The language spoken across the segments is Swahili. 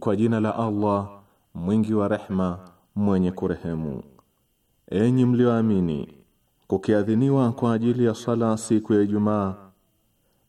Kwa jina la Allah mwingi wa rehma mwenye kurehemu. Enyi mlioamini, kukiadhiniwa kwa ajili ya sala siku ya Ijumaa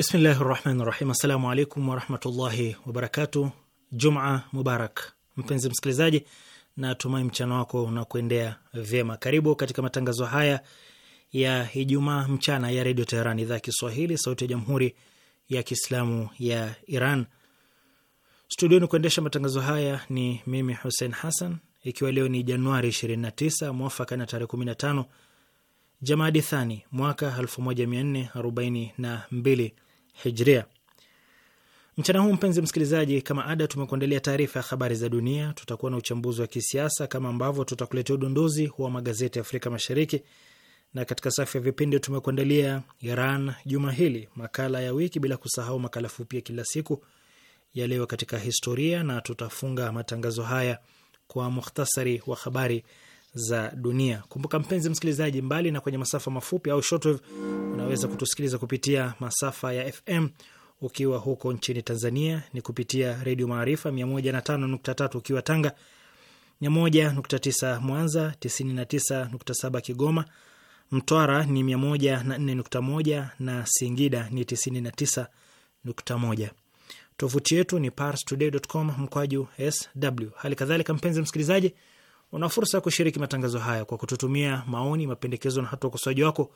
Bismillahi rahmani rahim. Assalamu alaikum warahmatullahi wabarakatu. Juma mubarak, mpenzi msikilizaji, natumai mchana wako unakuendea vyema. Karibu katika matangazo haya ya Ijumaa mchana ya Redio Teheran, idhaa ya Kiswahili, sauti ya Jamhuri ya Kiislamu ya Iran. Studioni kuendesha matangazo haya ni mimi Hussein Hassan, ikiwa leo ni Januari 29 mwafaka na tarehe 15 Jamadi Thani mwaka 1442 hijria. Mchana huu mpenzi msikilizaji, kama ada, tumekuandalia taarifa ya habari za dunia, tutakuwa na uchambuzi wa kisiasa kama ambavyo tutakuletea udondozi wa magazeti ya Afrika Mashariki, na katika safu ya vipindi tumekuandalia Iran juma hili, makala ya wiki, bila kusahau makala fupi ya kila siku ya leo katika historia, na tutafunga matangazo haya kwa mukhtasari wa habari za dunia. Kumbuka mpenzi msikilizaji, mbali na kwenye masafa mafupi au shortwave, unaweza kutusikiliza kupitia masafa ya FM ukiwa huko nchini Tanzania ni kupitia Redio Maarifa 105.3 ukiwa Tanga, 101.9 Mwanza, 99.7 Kigoma, Mtwara ni 104.1 na Singida ni 99.1. Tovuti yetu ni parstoday.com mkwaju sw. Hali kadhalika mpenzi msikilizaji Una fursa ya kushiriki matangazo haya kwa kututumia maoni, mapendekezo na hata ukosoaji wako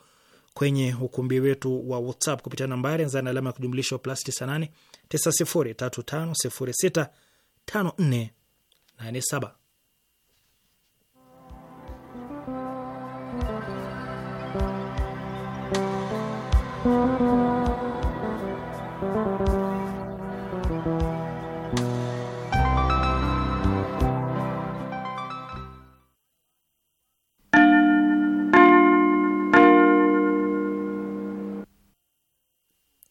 kwenye ukumbi wetu wa WhatsApp kupitia nambari anza na alama ya kujumlisha plus 98 9035065487.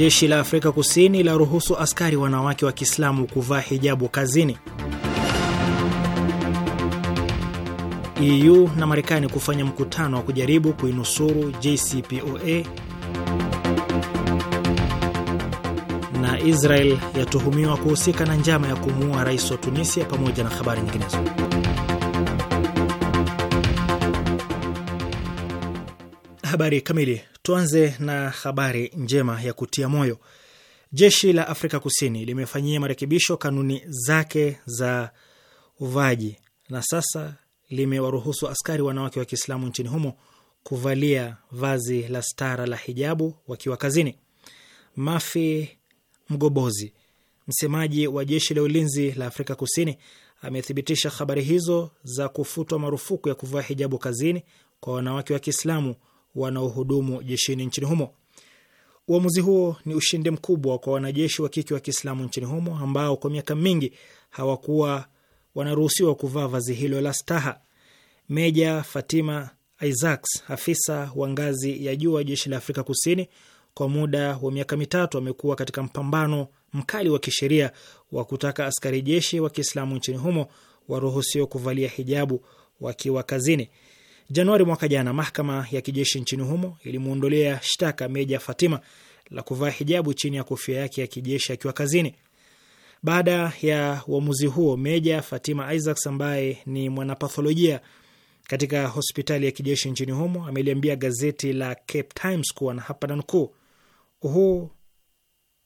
Jeshi la Afrika Kusini la ruhusu askari wanawake wa Kiislamu kuvaa hijabu kazini. EU na Marekani kufanya mkutano wa kujaribu kuinusuru JCPOA. Na Israel yatuhumiwa kuhusika na njama ya kumuua rais wa Tunisia pamoja na habari nyinginezo. habari kamili. Tuanze na habari njema ya kutia moyo. Jeshi la Afrika Kusini limefanyia marekebisho kanuni zake za uvaji na sasa limewaruhusu askari wanawake wa Kiislamu nchini humo kuvalia vazi la stara la hijabu wakiwa kazini. Mafi Mgobozi, msemaji wa jeshi la ulinzi la Afrika Kusini, amethibitisha habari hizo za kufutwa marufuku ya kuvaa hijabu kazini kwa wanawake wa Kiislamu wanaohudumu jeshini nchini humo. Uamuzi huo ni ushindi mkubwa kwa wanajeshi wa kike wa Kiislamu nchini humo ambao kwa miaka mingi hawakuwa wanaruhusiwa kuvaa vazi hilo la staha. Meja Fatima Isaacs, afisa wa ngazi ya juu wa jeshi la Afrika Kusini, kwa muda wa miaka mitatu amekuwa katika mpambano mkali wa kisheria wa kutaka askari jeshi wa Kiislamu nchini humo waruhusiwa kuvalia hijabu wakiwa kazini. Januari mwaka jana, mahakama ya kijeshi nchini humo ilimwondolea shtaka Meja Fatima la kuvaa hijabu chini ya kofia yake ya kijeshi akiwa kazini. Baada ya uamuzi huo, Meja Fatima Isaacs ambaye ni mwanapatholojia katika hospitali ya kijeshi nchini humo ameliambia gazeti la Cape Times kuwa na hapa nanukuu, huu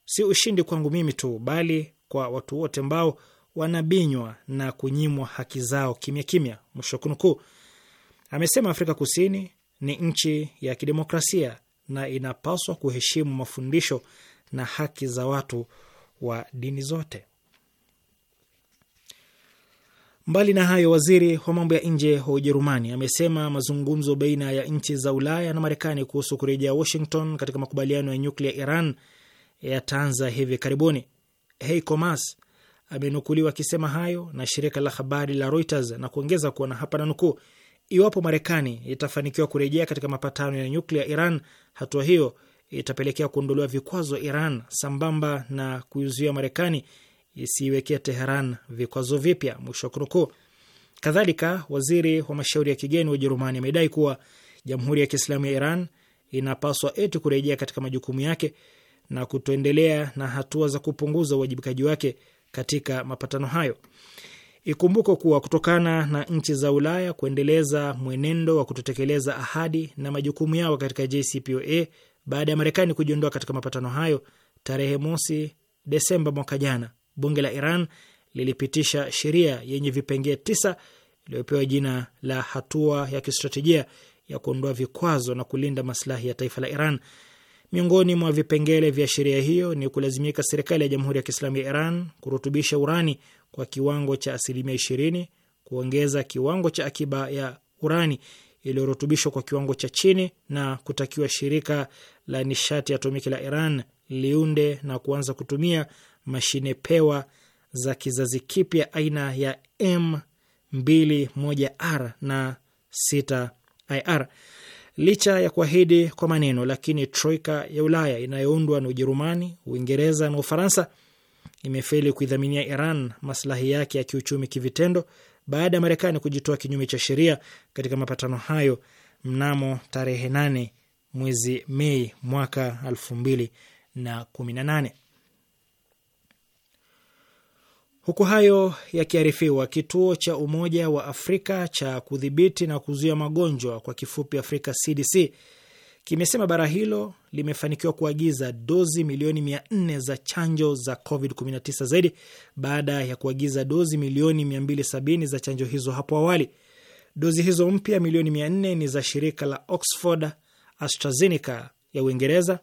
si ushindi kwangu mimi tu, bali kwa watu wote ambao wanabinywa na kunyimwa haki zao kimya kimya, mwisho kunukuu. Amesema Afrika Kusini ni nchi ya kidemokrasia na inapaswa kuheshimu mafundisho na haki za watu wa dini zote. Mbali na hayo, waziri wa mambo ya nje wa Ujerumani amesema mazungumzo baina ya nchi za Ulaya na Marekani kuhusu kurejea Washington katika makubaliano ya nyuklia Iran yataanza hivi karibuni. Heiko Maas amenukuliwa akisema hayo na shirika la habari la Reuters na kuongeza kuwa na hapa na nukuu Iwapo Marekani itafanikiwa kurejea katika mapatano ya nyuklia Iran, hatua hiyo itapelekea kuondolewa vikwazo Iran sambamba na kuizuia Marekani isiiwekea Teheran vikwazo vipya, mwisho wa kunukuu. Kadhalika, waziri wa mashauri ya kigeni wa Ujerumani amedai kuwa Jamhuri ya Kiislamu ya Iran inapaswa eti kurejea katika majukumu yake na kutoendelea na hatua za kupunguza uwajibikaji wake katika mapatano hayo. Ikumbuko kuwa kutokana na nchi za Ulaya kuendeleza mwenendo wa kutotekeleza ahadi na majukumu yao katika JCPOA baada ya Marekani kujiondoa katika mapatano hayo, tarehe mosi Desemba mwaka jana, bunge la Iran lilipitisha sheria yenye vipengee tisa iliyopewa jina la hatua ya kistratejia ya kuondoa vikwazo na kulinda maslahi ya taifa la Iran. Miongoni mwa vipengele vya sheria hiyo ni kulazimika serikali ya Jamhuri ya Kiislamu ya Iran kurutubisha urani kwa kiwango cha asilimia ishirini, kuongeza kiwango cha akiba ya urani iliyorutubishwa kwa kiwango cha chini na kutakiwa shirika la nishati ya atomiki la Iran liunde na kuanza kutumia mashine pewa za kizazi kipya aina ya M21R na 6IR. Licha ya kuahidi kwa maneno, lakini troika ya Ulaya inayoundwa na Ujerumani, Uingereza na Ufaransa imefeli kuidhaminia Iran maslahi yake ya kiuchumi kivitendo baada ya Marekani kujitoa kinyume cha sheria katika mapatano hayo mnamo tarehe 8 mwezi Mei mwaka nane. Huku hayo yakiarifiwa, kituo cha Umoja wa Afrika cha kudhibiti na kuzuia magonjwa kwa kifupi Afrika CDC kimesema bara hilo limefanikiwa kuagiza dozi milioni mia nne za chanjo za COVID-19 zaidi baada ya kuagiza dozi milioni mia sabini za chanjo hizo hapo awali. Dozi hizo mpya milioni mia nne ni za shirika la Oxford AstraZeneca ya Uingereza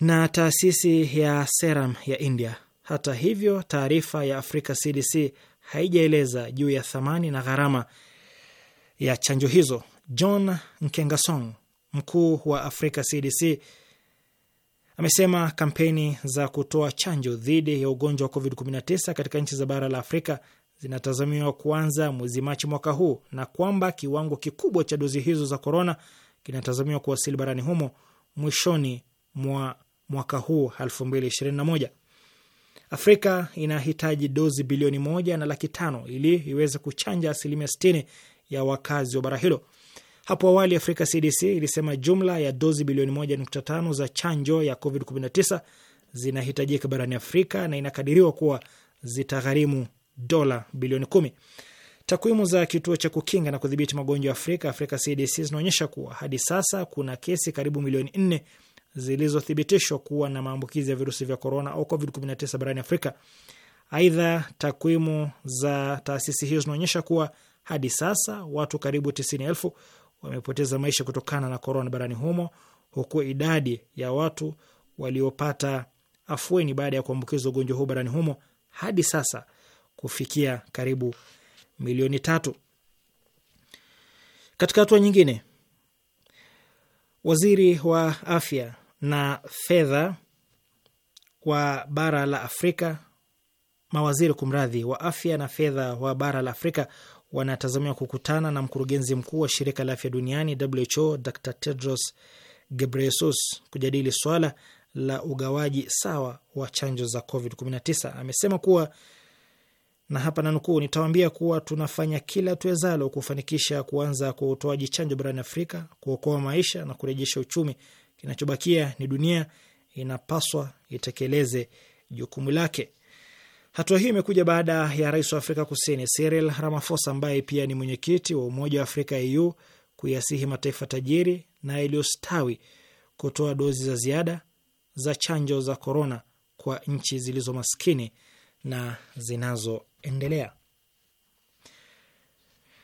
na taasisi ya Serum ya India. Hata hivyo, taarifa ya Afrika CDC haijaeleza juu ya thamani na gharama ya chanjo hizo. John Nkengasong, mkuu wa Afrika CDC, amesema kampeni za kutoa chanjo dhidi ya ugonjwa wa COVID-19 katika nchi za bara la Afrika zinatazamiwa kuanza mwezi Machi mwaka huu na kwamba kiwango kikubwa cha dozi hizo za korona kinatazamiwa kuwasili barani humo mwishoni mwa mwaka huu 2021. Afrika inahitaji dozi bilioni moja na laki tano ili iweze kuchanja asilimia 60 ya wakazi wa bara hilo. Hapo awali Afrika CDC ilisema jumla ya dozi bilioni 1.5 za chanjo ya COVID-19 zinahitajika barani Afrika na inakadiriwa kuwa zitagharimu dola bilioni 10. Takwimu za kituo cha kukinga na kudhibiti magonjwa Afrika, Afrika CDC, zinaonyesha kuwa hadi sasa kuna kesi karibu milioni 4 zilizothibitishwa kuwa na maambukizi ya virusi vya korona au COVID-19 barani Afrika. Aidha, takwimu za taasisi hiyo zinaonyesha kuwa hadi sasa watu karibu elfu wamepoteza maisha kutokana na korona barani humo, huku idadi ya watu waliopata afueni baada ya kuambukizwa ugonjwa huu barani humo hadi sasa kufikia karibu milioni tatu. Katika hatua nyingine, waziri wa afya na fedha wa bara la Afrika, mawaziri kumradhi, wa afya na fedha wa bara la Afrika wanatazamiwa kukutana na mkurugenzi mkuu wa shirika la afya duniani WHO Dr Tedros Gebreyesus kujadili swala la ugawaji sawa wa chanjo za COVID-19. Amesema kuwa na hapa na nukuu, nitawaambia kuwa tunafanya kila tuwezalo kufanikisha kuanza kwa utoaji chanjo barani Afrika, kuokoa maisha na kurejesha uchumi. Kinachobakia ni dunia inapaswa itekeleze jukumu lake. Hatua hii imekuja baada ya rais wa Afrika Kusini Cyril Ramaphosa, ambaye pia ni mwenyekiti wa Umoja wa Afrika EU, kuyasihi mataifa tajiri na yaliyostawi kutoa dozi za ziada za chanjo za korona kwa nchi zilizo maskini na zinazoendelea.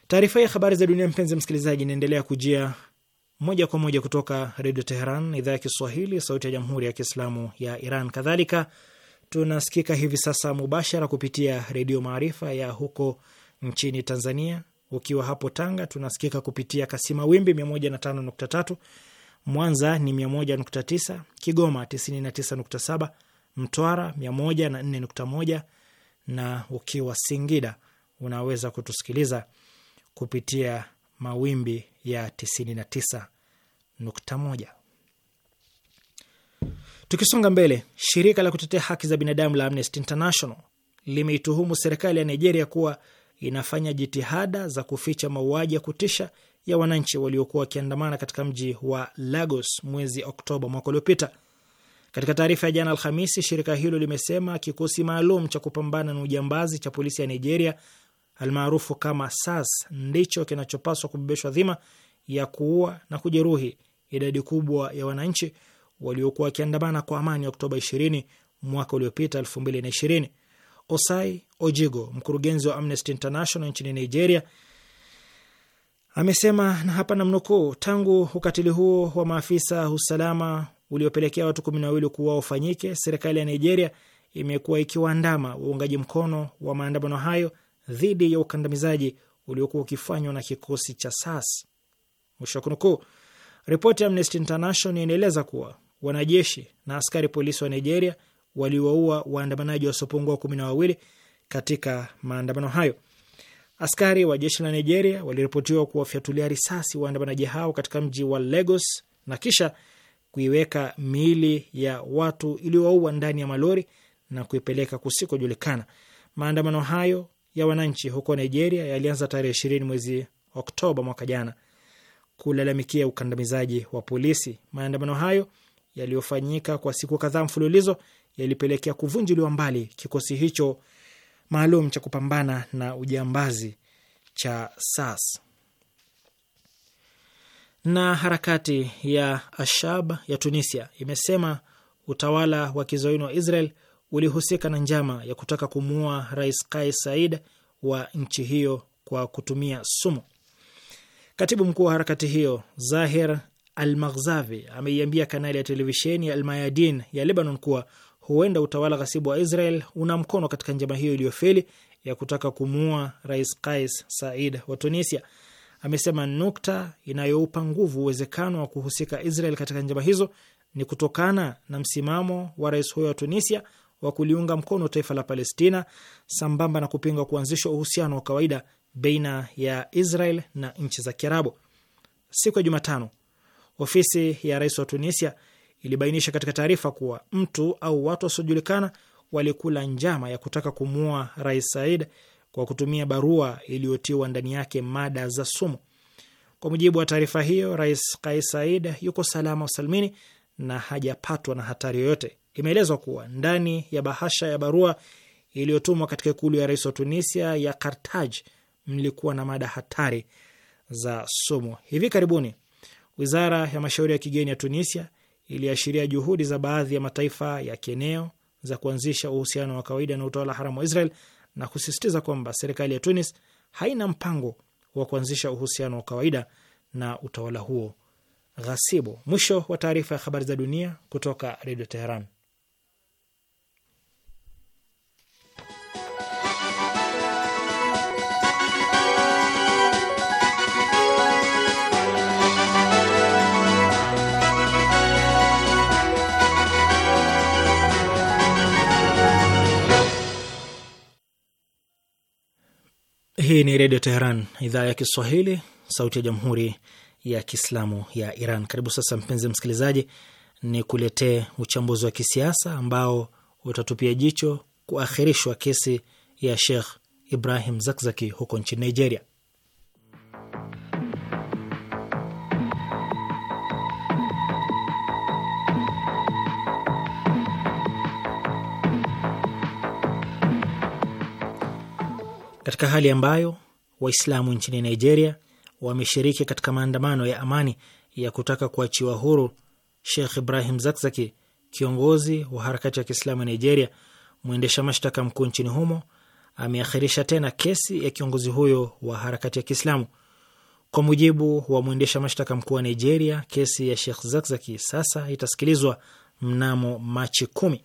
Taarifa ya habari za dunia, mpenzi msikilizaji, inaendelea kujia moja kwa moja kutoka Redio Teheran, idhaa ya Kiswahili, sauti ya Jamhuri ya Kiislamu ya Iran. Kadhalika Tunasikika hivi sasa mubashara kupitia Redio Maarifa ya huko nchini Tanzania. Ukiwa hapo Tanga, tunasikika kupitia kasima wimbi 105.3, Mwanza ni 101.9, Kigoma 99.7, Mtwara 104.1 na ukiwa Singida unaweza kutusikiliza kupitia mawimbi ya 99.1. Tukisonga mbele, shirika la kutetea haki za binadamu la Amnesty International limeituhumu serikali ya Nigeria kuwa inafanya jitihada za kuficha mauaji ya kutisha ya wananchi waliokuwa wakiandamana katika mji wa Lagos mwezi Oktoba mwaka uliopita. Katika taarifa ya jana Alhamisi, shirika hilo limesema kikosi maalum cha kupambana na ujambazi cha polisi ya Nigeria almaarufu kama SAS ndicho kinachopaswa kubebeshwa dhima ya kuua na kujeruhi idadi kubwa ya wananchi waliokuwa wakiandamana kwa amani Oktoba 20 mwaka uliopita 2020. Osai Ojigo, mkurugenzi wa Amnesty International nchini Nigeria, amesema na hapa na mnukuu, tangu ukatili huo wa maafisa usalama uliopelekea watu kumi na wawili kuwa ufanyike, serikali ya Nigeria imekuwa ikiwaandama waungaji mkono wa maandamano hayo dhidi ya ukandamizaji uliokuwa ukifanywa na kikosi cha SAS. Mwisho wa kunukuu. Ripoti ya Amnesty International inaeleza kuwa wanajeshi na askari polisi wa Nigeria waliwaua waandamanaji wasiopungua kumi na wawili katika maandamano hayo. Askari wa jeshi la Nigeria waliripotiwa kuwafyatulia risasi waandamanaji hao katika mji wa Lagos na kisha kuiweka miili ya watu iliyowaua ndani ya malori na kuipeleka kusikojulikana. Maandamano hayo ya wananchi huko Nigeria yalianza tarehe ishirini mwezi Oktoba mwaka jana kulalamikia ukandamizaji wa polisi. Maandamano hayo yaliyofanyika kwa siku kadhaa mfululizo yalipelekea kuvunjiliwa mbali kikosi hicho maalum cha kupambana na ujambazi cha SAS. Na harakati ya Ashab ya Tunisia imesema utawala wa kizayuni wa Israel ulihusika na njama ya kutaka kumuua Rais Kais Saied wa nchi hiyo kwa kutumia sumu. Katibu mkuu wa harakati hiyo Zahir Almaghzavi ameiambia kanali ya televisheni ya Al-Mayadin ya Lebanon kuwa huenda utawala ghasibu wa Israel una mkono katika njama hiyo iliyofeli ya kutaka kumuua Rais Kais Said wa Tunisia. Amesema nukta inayoupa nguvu uwezekano wa kuhusika Israel katika njama hizo ni kutokana na msimamo wa rais huyo wa Tunisia wa kuliunga mkono taifa la Palestina sambamba na kupinga kuanzishwa uhusiano wa kawaida baina ya Israel na nchi za Kiarabu. Siku ya Jumatano Ofisi ya rais wa Tunisia ilibainisha katika taarifa kuwa mtu au watu wasiojulikana walikula njama ya kutaka kumuua rais Said kwa kutumia barua iliyotiwa ndani yake mada za sumu. Kwa mujibu wa taarifa hiyo, rais Kais Said yuko salama usalmini na hajapatwa na hatari yoyote. Imeelezwa kuwa ndani ya bahasha ya barua iliyotumwa katika ikulu ya rais wa Tunisia ya Kartaj mlikuwa na mada hatari za sumu. Hivi karibuni Wizara ya mashauri ya kigeni ya Tunisia iliashiria juhudi za baadhi ya mataifa ya kieneo za kuanzisha uhusiano wa kawaida na utawala haramu wa Israel na kusisitiza kwamba serikali ya Tunis haina mpango wa kuanzisha uhusiano wa kawaida na utawala huo ghasibu. Mwisho wa taarifa ya habari za dunia kutoka Redio Teheran. Hii ni Redio Teheran, idhaa ya Kiswahili, sauti ya Jamhuri ya Kiislamu ya Iran. Karibu sasa, mpenzi msikilizaji, ni kuletee uchambuzi wa kisiasa ambao utatupia jicho kuakhirishwa kesi ya Sheikh Ibrahim Zakzaki huko nchini Nigeria. katika hali ambayo Waislamu nchini Nigeria wameshiriki katika maandamano ya amani ya kutaka kuachiwa huru Sheikh Ibrahim Zakzaki, kiongozi wa harakati ya Kiislamu ya Nigeria. Mwendesha mashtaka mkuu nchini humo ameakhirisha tena kesi ya kiongozi huyo wa harakati ya Kiislamu. Kwa mujibu wa mwendesha mashtaka mkuu wa Nigeria, kesi ya Sheikh Zakzaki sasa itasikilizwa mnamo Machi kumi.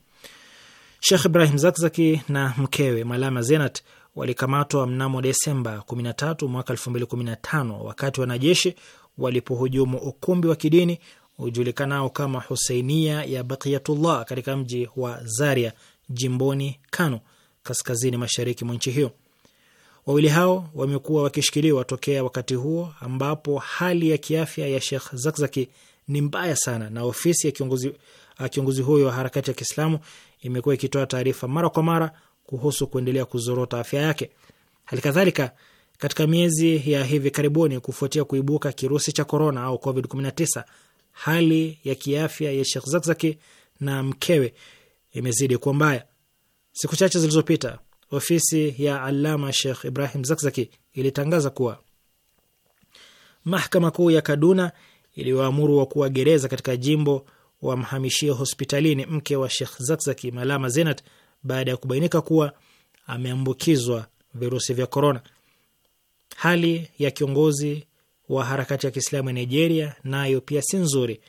Sheikh Ibrahim Zakzaki na mkewe Malama Zenat walikamatwa mnamo Desemba 13 mwaka 2015 wakati wanajeshi walipohujumu ukumbi wa kidini ujulikanao kama Husainia ya Baqiyatullah katika mji wa Zaria jimboni Kano kaskazini mashariki mwa nchi hiyo. Wawili hao wamekuwa wakishikiliwa tokea wakati huo ambapo hali ya kiafya ya Sheikh Zakzaki ni mbaya sana, na ofisi ya kiongozi, kiongozi huyo wa harakati ya Kiislamu imekuwa ikitoa taarifa mara kwa mara kuhusu kuendelea kuzorota afya yake. Halikadhalika, katika miezi ya hivi karibuni, kufuatia kuibuka kirusi cha korona au COVID-19, hali ya kiafya ya Sheikh Zakzaki na mkewe imezidi kuwa mbaya. Siku chache zilizopita, ofisi ya Alama Sheikh Ibrahim Zakzaki ilitangaza kuwa mahakama kuu ya Kaduna iliwaamuru wakuu wa gereza katika jimbo wamhamishie hospitalini mke wa Sheikh Zakzaki, Malama Zenat, baada ya kubainika kuwa ameambukizwa virusi vya korona. Hali ya kiongozi wa harakati ya Kiislamu ya Nigeria nayo pia si nzuri,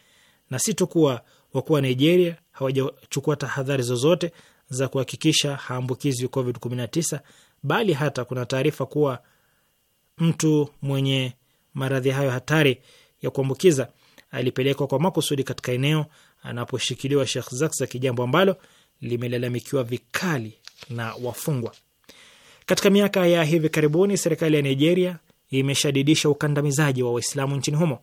na si tu kuwa wakuu wa Nigeria hawajachukua tahadhari zozote za kuhakikisha haambukizi COVID-19, bali hata kuna taarifa kuwa mtu mwenye maradhi hayo hatari ya kuambukiza alipelekwa kwa makusudi katika eneo anaposhikiliwa Sheikh Zakzaki, jambo ambalo limelalamikiwa vikali na wafungwa. Katika miaka ya hivi karibuni, serikali ya Nigeria imeshadidisha ukandamizaji wa Waislamu nchini humo.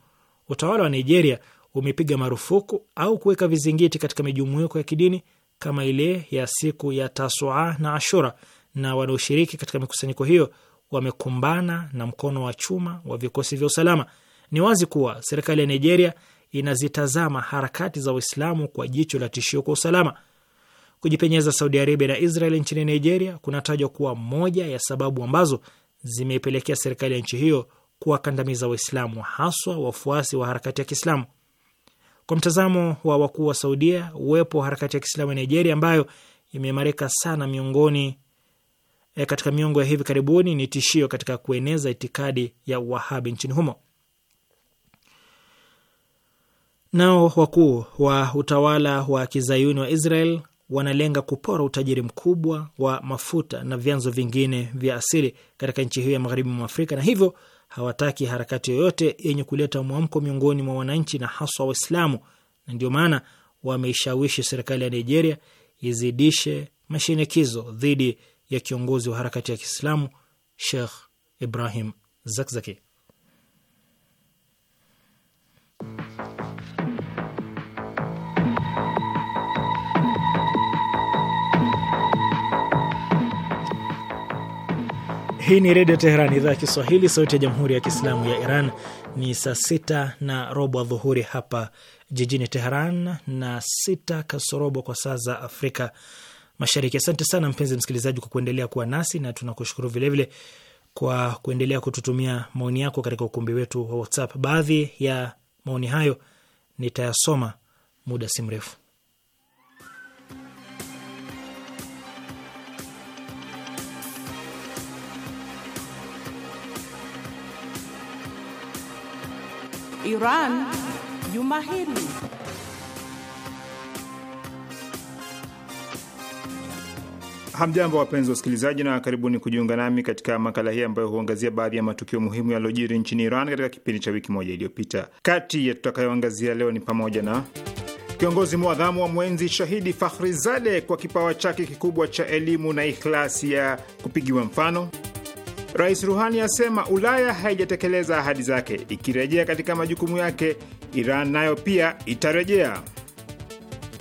Utawala wa Nigeria umepiga marufuku au kuweka vizingiti katika mijumuiko ya kidini kama ile ya siku ya Tasua na Ashura, na wanaoshiriki katika mikusanyiko hiyo wamekumbana na mkono wa chuma wa vikosi vya usalama. Ni wazi kuwa serikali ya Nigeria inazitazama harakati za Waislamu kwa jicho la tishio kwa usalama. Kujipenyeza Saudi Arabia na Israel nchini Nigeria kunatajwa kuwa moja ya sababu ambazo zimeipelekea serikali ya nchi hiyo kuwakandamiza Waislamu, haswa wafuasi wa harakati ya Kiislamu. Kwa mtazamo wa wakuu wa Saudia, uwepo wa harakati ya Kiislamu ya Nigeria ambayo imeimarika sana miongoni e, katika miongo ya hivi karibuni ni tishio katika kueneza itikadi ya Wahabi nchini humo. Nao wakuu wa utawala wa kizayuni wa Israel wanalenga kupora utajiri mkubwa wa mafuta na vyanzo vingine vya asili katika nchi hiyo ya magharibi mwa Afrika, na hivyo hawataki harakati yoyote yenye kuleta mwamko miongoni mwa wananchi na haswa Waislamu, na ndio maana wameishawishi serikali ya Nigeria izidishe mashinikizo dhidi ya kiongozi wa harakati ya Kiislamu Sheikh Ibrahim Zakzaki. Hii ni Redio Teheran, idhaa ya Kiswahili, sauti ya Jamhuri ya Kiislamu ya Iran. Ni saa sita na robo adhuhuri hapa jijini Teheran na sita kasorobo kwa saa za Afrika Mashariki. Asante sana mpenzi msikilizaji kwa kuendelea kuwa nasi na tunakushukuru vilevile kwa kuendelea kututumia maoni yako katika ukumbi wetu wa WhatsApp. Baadhi ya maoni hayo nitayasoma muda si mrefu. Iran juma hili. Hamjambo, wapenzi wasikilizaji, na karibuni kujiunga nami katika makala hii ambayo huangazia baadhi ya matukio muhimu yaliyojiri nchini Iran katika kipindi cha wiki moja iliyopita. Kati ya tutakayoangazia leo ni pamoja na kiongozi mwadhamu wa mwenzi shahidi Fakhrizadeh kwa kipawa chake kikubwa cha elimu na ikhlasi ya kupigiwa mfano Rais Ruhani asema Ulaya haijatekeleza ahadi zake, ikirejea katika majukumu yake, Iran nayo pia itarejea.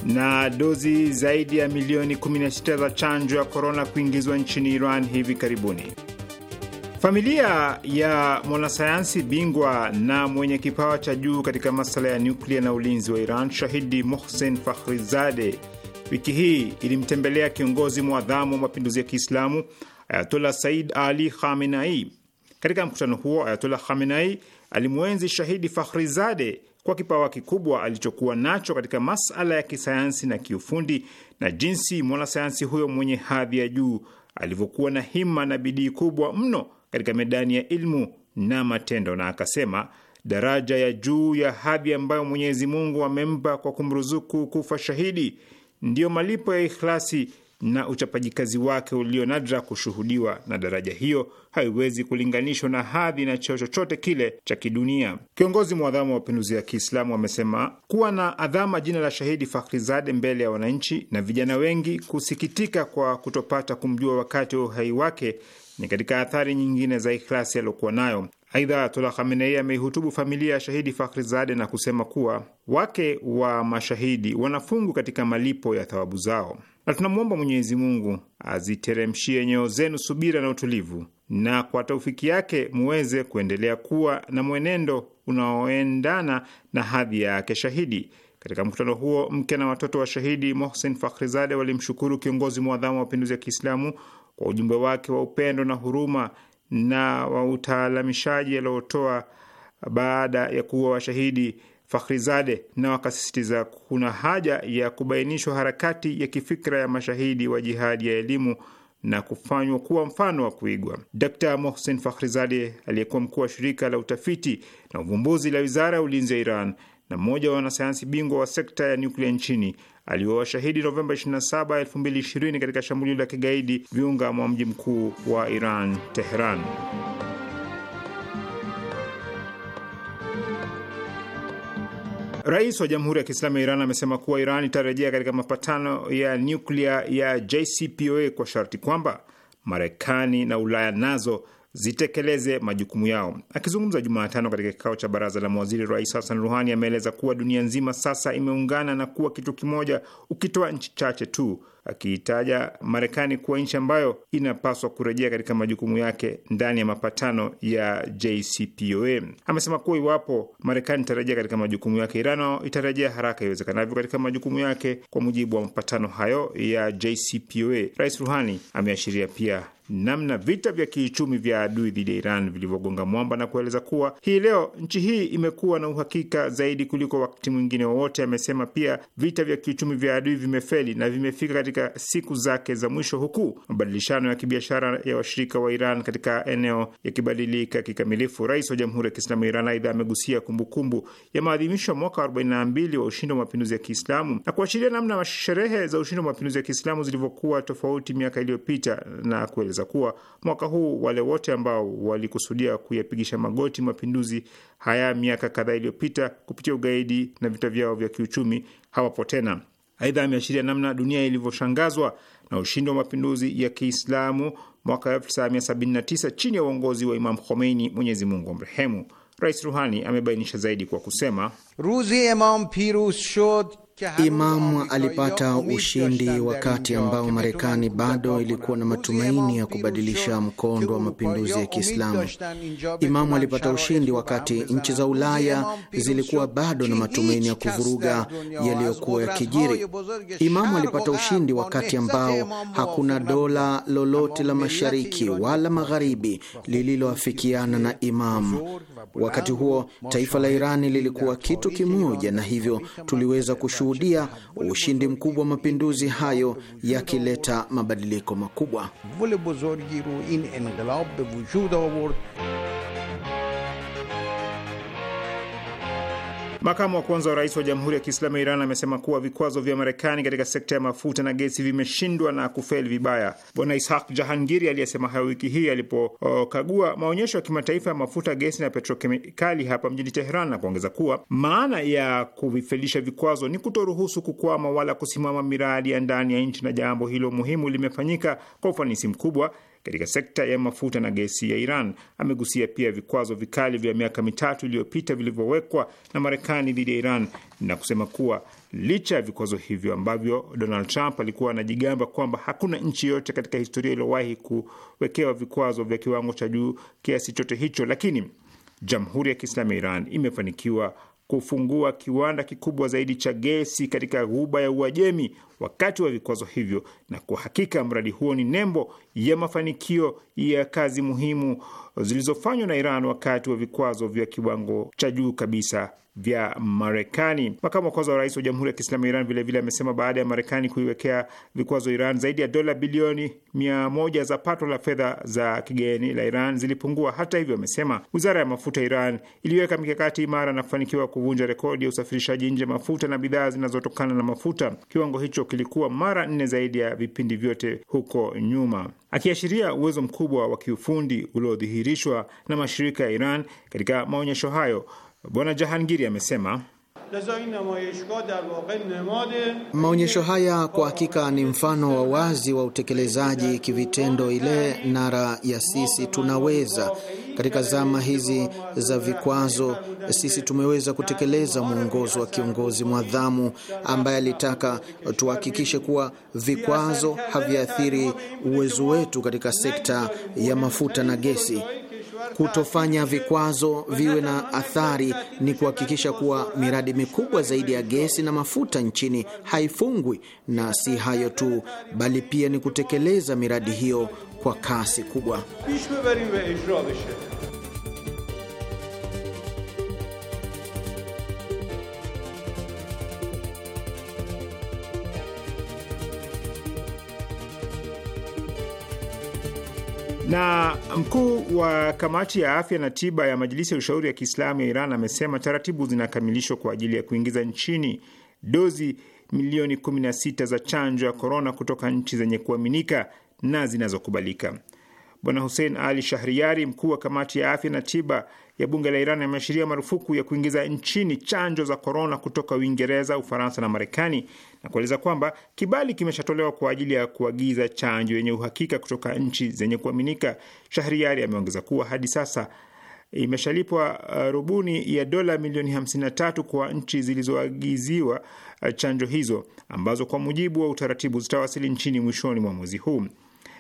Na dozi zaidi ya milioni 16 za chanjo ya korona kuingizwa nchini Iran hivi karibuni. Familia ya mwanasayansi bingwa na mwenye kipawa cha juu katika masuala ya nyuklia na ulinzi wa Iran, Shahidi Mohsen fahrizade wiki hii ilimtembelea kiongozi mwadhamu wa mapinduzi ya Kiislamu Ayatollah Said Ali Khamenai. Katika mkutano huo, Ayatollah Khamenai alimwenzi shahidi Fakhrizade kwa kipawa kikubwa alichokuwa nacho katika masala ya kisayansi na kiufundi na jinsi mwanasayansi huyo mwenye hadhi ya juu alivyokuwa na hima na bidii kubwa mno katika medani ya ilmu na matendo, na akasema daraja ya juu ya hadhi ambayo Mwenyezi Mungu amempa kwa kumruzuku kufa shahidi ndiyo malipo ya ikhlasi na uchapaji kazi wake ulio nadra kushuhudiwa, na daraja hiyo haiwezi kulinganishwa na hadhi na cheo chochote kile cha kidunia. Kiongozi mwadhamu wa mapinduzi ya Kiislamu amesema kuwa na adhama jina la shahidi Fakhrizade mbele ya wananchi na vijana wengi kusikitika kwa kutopata kumjua wakati wa uhai wake ni katika athari nyingine za ikhlasi aliokuwa nayo. Aidha, Tola Khamenei ameihutubu familia ya shahidi Fakhrizade na kusema kuwa wake wa mashahidi wanafungu katika malipo ya thawabu zao, na tunamwomba Mwenyezi Mungu aziteremshie nyoyo zenu subira na utulivu, na kwa taufiki yake muweze kuendelea kuwa na mwenendo unaoendana na hadhi yake shahidi. Katika mkutano huo, mke na watoto wa shahidi Mohsen Fakhrizade walimshukuru kiongozi mwadhamu wa mapinduzi ya Kiislamu kwa ujumbe wake wa upendo na huruma na wa utaalamishaji aliotoa baada ya kuwa washahidi Fakhrizade, na wakasisitiza kuna haja ya kubainishwa harakati ya kifikra ya mashahidi wa jihadi ya elimu na kufanywa kuwa mfano wa kuigwa. Dr Mohsen Fakhrizade, aliyekuwa mkuu wa shirika la utafiti na uvumbuzi la wizara ya ulinzi ya Iran, na mmoja wa wanasayansi bingwa wa sekta ya nyuklia nchini aliowashahidi Novemba 27, 2020 katika shambulio la kigaidi viunga mwa mji mkuu wa Iran, Teheran. Rais wa Jamhuri ya Kiislamu ya Iran amesema kuwa Iran itarejea katika mapatano ya nyuklia ya JCPOA kwa sharti kwamba Marekani na Ulaya nazo zitekeleze majukumu yao. Akizungumza Jumatano katika kikao cha baraza la mawaziri, Rais Hassan Ruhani ameeleza kuwa dunia nzima sasa imeungana na kuwa kitu kimoja, ukitoa nchi chache tu, akiitaja Marekani kuwa nchi ambayo inapaswa kurejea katika majukumu yake ndani ya mapatano ya JCPOA. Amesema kuwa iwapo Marekani itarejea katika majukumu yake, Iran itarejea haraka iwezekanavyo katika majukumu yake kwa mujibu wa mapatano hayo ya JCPOA. Rais Ruhani ameashiria pia namna vita vya kiuchumi vya adui dhidi ya Iran vilivyogonga mwamba na kueleza kuwa hii leo nchi hii imekuwa na uhakika zaidi kuliko wakati mwingine wowote. Amesema pia vita vya kiuchumi vya adui vimefeli na vimefika katika siku zake za mwisho, huku mabadilishano ya kibiashara ya washirika wa Iran katika eneo yakibadilika kikamilifu. Rais wa Jamhuri ya Kiislamu ya Iran aidha amegusia kumbukumbu ya maadhimisho ya mwaka 42 wa ushindi wa mapinduzi ya Kiislamu na kuashiria namna sherehe za ushindi wa mapinduzi ya Kiislamu zilivyokuwa tofauti miaka iliyopita na kueleza kuongeza kuwa mwaka huu wale wote ambao walikusudia kuyapigisha magoti mapinduzi haya miaka kadhaa iliyopita kupitia ugaidi na vita vyao vya kiuchumi hawapo tena. Aidha, ameashiria namna dunia ilivyoshangazwa na ushindi wa mapinduzi ya Kiislamu mwaka 1979 chini ya uongozi wa Imam Khomeini, Mwenyezi Mungu amrehemu. Rais Ruhani amebainisha zaidi kwa kusema, ruzi imam Pirus shod imam alipata ushindi wakati ambao Marekani bado ilikuwa na matumaini ya kubadilisha mkondo wa mapinduzi ya Kiislamu. Imamu alipata ushindi wakati nchi za Ulaya zilikuwa bado na matumaini ya kuvuruga yaliyokuwa ya kijiri. Imamu alipata ushindi wakati ambao hakuna dola lolote la mashariki wala magharibi lililoafikiana na Imamu. Wakati huo taifa la Irani lilikuwa kitu kimoja, na hivyo tuliweza kushu kushuhudia ushindi mkubwa wa mapinduzi hayo yakileta mabadiliko makubwa. Makamu wa kwanza wa rais wa Jamhuri ya Kiislamu ya Iran amesema kuwa vikwazo vya Marekani katika sekta ya mafuta na gesi vimeshindwa na kufeli vibaya. Bwana Ishaq Jahangiri aliyesema hayo wiki hii alipokagua maonyesho ya kimataifa ya mafuta, gesi na petrokemikali hapa mjini Teheran na kuongeza kuwa maana ya kuvifelisha vikwazo ni kutoruhusu kukwama wala kusimama miradi ya ndani ya nchi, na jambo hilo muhimu limefanyika kwa ufanisi mkubwa katika sekta ya mafuta na gesi ya Iran. Amegusia pia vikwazo vikali vya miaka mitatu iliyopita vilivyowekwa na Marekani dhidi ya Iran na kusema kuwa licha ya vikwazo hivyo ambavyo Donald Trump alikuwa anajigamba kwamba hakuna nchi yoyote katika historia iliyowahi kuwekewa vikwazo vya kiwango cha juu kiasi chote hicho, lakini Jamhuri ya Kiislamu ya Iran imefanikiwa kufungua kiwanda kikubwa zaidi cha gesi katika ghuba ya Uajemi wakati wa vikwazo hivyo, na kwa hakika mradi huo ni nembo ya mafanikio ya kazi muhimu zilizofanywa na Iran wakati wa vikwazo vya kiwango cha juu kabisa vya Marekani. Makamu wa kwanza wa rais wa Jamhuri ya Kiislamu ya Iran vilevile amesema vile baada ya Marekani kuiwekea vikwazo Iran, zaidi ya dola bilioni mia moja za pato la fedha za kigeni la Iran zilipungua. Hata hivyo, amesema wizara ya mafuta ya Iran iliweka mikakati imara na kufanikiwa kuvunja rekodi ya usafirishaji nje mafuta na bidhaa zinazotokana na mafuta. Kiwango hicho kilikuwa mara nne zaidi ya vipindi vyote huko nyuma, akiashiria uwezo mkubwa wa kiufundi uliodhihirishwa na mashirika ya Iran katika maonyesho hayo. Bwana Jahangiri amesema maonyesho haya kwa hakika ni mfano wa wazi wa utekelezaji kivitendo ile nara ya sisi tunaweza. Katika zama hizi za vikwazo, sisi tumeweza kutekeleza mwongozo wa kiongozi mwadhamu ambaye alitaka tuhakikishe kuwa vikwazo haviathiri uwezo wetu katika sekta ya mafuta na gesi. Kutofanya vikwazo viwe na athari ni kuhakikisha kuwa miradi mikubwa zaidi ya gesi na mafuta nchini haifungwi, na si hayo tu, bali pia ni kutekeleza miradi hiyo kwa kasi kubwa. Na mkuu wa kamati ya afya na tiba ya Majilisi ya Ushauri ya Kiislamu ya Iran amesema taratibu zinakamilishwa kwa ajili ya kuingiza nchini dozi milioni 16 za chanjo ya korona kutoka nchi zenye kuaminika na zinazokubalika. Bwana Hussein Ali Shahriari, mkuu wa kamati ya afya na tiba ya bunge la Iran, ameashiria marufuku ya kuingiza nchini chanjo za korona kutoka Uingereza, Ufaransa na Marekani na kueleza kwamba kibali kimeshatolewa kwa ajili ya kuagiza chanjo yenye uhakika kutoka nchi zenye kuaminika. Shahriari ameongeza kuwa hadi sasa imeshalipwa uh, rubuni ya dola milioni 53 kwa nchi zilizoagiziwa uh, chanjo hizo ambazo kwa mujibu wa utaratibu zitawasili nchini mwishoni mwa mwezi huu.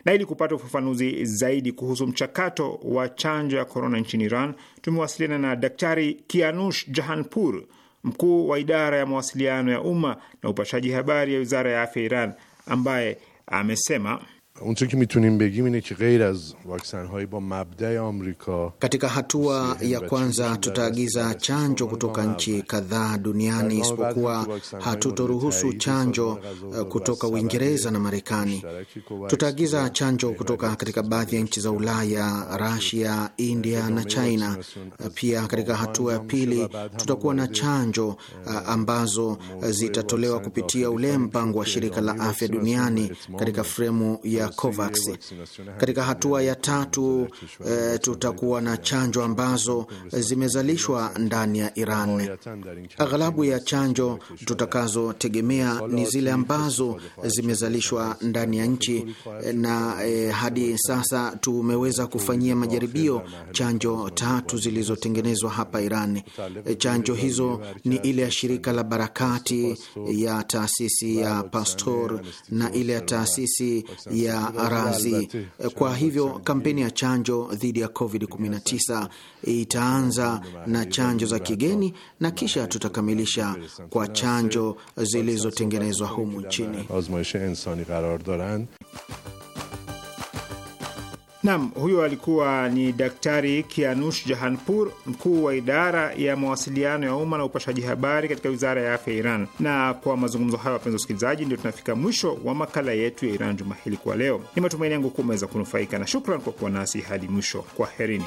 Na ili kupata ufafanuzi zaidi kuhusu mchakato wa chanjo ya korona nchini Iran, tumewasiliana na Daktari Kianush Jahanpur, mkuu wa idara ya mawasiliano ya umma na upashaji habari ya wizara ya afya Iran, ambaye amesema Uncho ki mitunim begim ine ki ghair az vaksinhai با مبدا آمریکا Katika hatua ya kwanza tutaagiza chanjo kutoka nchi kadhaa duniani isipokuwa hatutoruhusu chanjo kutoka Uingereza na Marekani. Tutaagiza chanjo kutoka katika baadhi ya nchi za Ulaya, Russia, India na China. Pia katika hatua ya pili tutakuwa na chanjo ambazo zitatolewa kupitia ule mpango wa shirika la afya duniani katika fremu ya ya COVAX. Katika hatua ya tatu, e, tutakuwa na chanjo ambazo zimezalishwa ndani ya Iran. Aghalabu ya chanjo tutakazotegemea ni zile ambazo zimezalishwa ndani ya nchi eh, na e, hadi sasa tumeweza kufanyia majaribio chanjo tatu zilizotengenezwa hapa Iran. Chanjo hizo ni ile ya shirika la Barakati ya taasisi ya Pasteur na ile ya taasisi ya ya razi. Eh, kwa hivyo kampeni ya chanjo dhidi ya COVID-19 itaanza na chanjo za kigeni na kisha tutakamilisha kwa chanjo zilizotengenezwa humu nchini. Nam, huyo alikuwa ni Daktari Kianush Jahanpur, mkuu wa idara ya mawasiliano ya umma na upashaji habari katika wizara ya afya ya Iran. Na kwa mazungumzo hayo, wapenzi wasikilizaji, ndio tunafika mwisho wa makala yetu ya Iran juma hili kwa leo. Ni matumaini yangu kuwa umeweza kunufaika, na shukran kwa kuwa nasi hadi mwisho. Kwaherini.